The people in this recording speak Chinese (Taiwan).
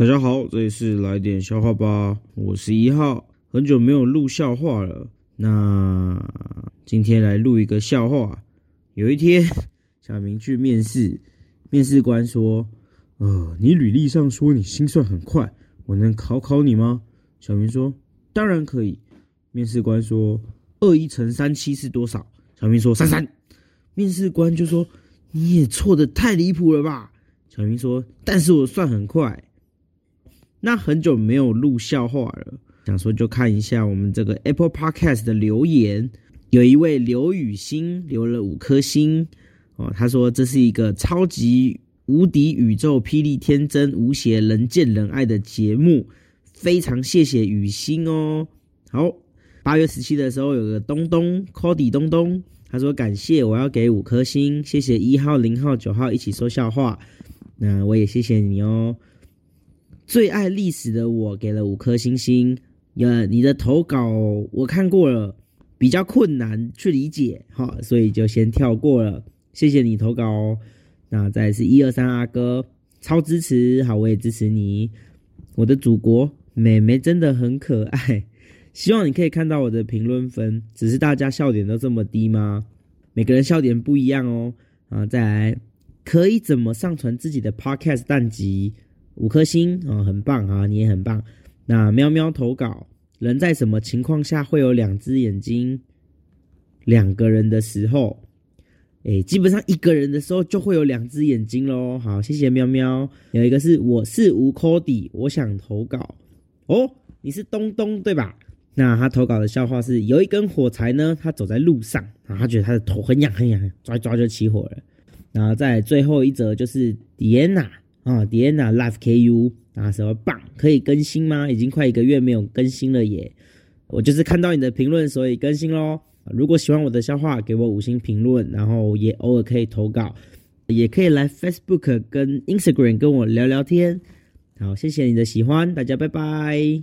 大家好，這裡是來點笑話吧。我是一號，很久沒有錄笑話了。那今天來錄一個笑話啊。有一天，小明去面試，面試官說：“呃，你履歷上說你心算很快，我能考考你嗎？”小明說：“當然可以。”面試官說：“二一乘三七是多少？”小明說：“三三。”面試官就說：“你也錯得太離譜了吧？”小明說：“但是我算很快。”那很久沒有錄笑話了，想說就看一下我們這個 Apple Podcast 的留言，有一位劉雨星留了五顆星哦，他說，這是一個超級無敵宇宙霹靂天真無邪人見人愛的節目，非常謝謝雨星哦。好，八月十七的時候有個東東 Cody 東東，他說感謝我要給五顆星，謝謝一號零號九號一起說笑話，那我也謝謝你哦。最愛歷史的我給了五顆星星，呃，你的投稿我看過了，比較困難去理解，哈，所以就先跳過了。謝謝你投稿哦。那再來是一二三阿哥，超支持，好，我也支持你。我的祖國，妹妹真的很可愛。希望你可以看到我的評論分，只是大家笑點都這麼低嗎？每個人笑點不一樣哦。啊，再來，可以怎麼上傳自己的 podcast 單集？五顆星啊，哦，很棒啊，你也很棒。那喵喵投稿，人在什麼情況下會有兩只眼睛？兩個人的時候，哎，基本上一個人的時候就會有兩隻眼睛嘍。好，謝謝喵喵。有一個是我是吳 Cody，我想投稿。哦，你是東東，對吧？那他投稿的笑話是：有一根火柴呢，他走在路上，啊，他覺得他的頭很癢很癢，抓一抓就起火了。然後在最後一則就是 Diana。啊，oh，Diana Life Ku 啊，什麼棒可以更新嗎？已經快一個月沒有更新了耶。我就是看到你的評論，所以更新咯。如果喜歡我的笑話，給我五星評論，然後也偶爾可以投稿，也可以來 Facebook 跟 Instagram 跟我聊聊天。好，謝謝你的喜歡，大家拜拜。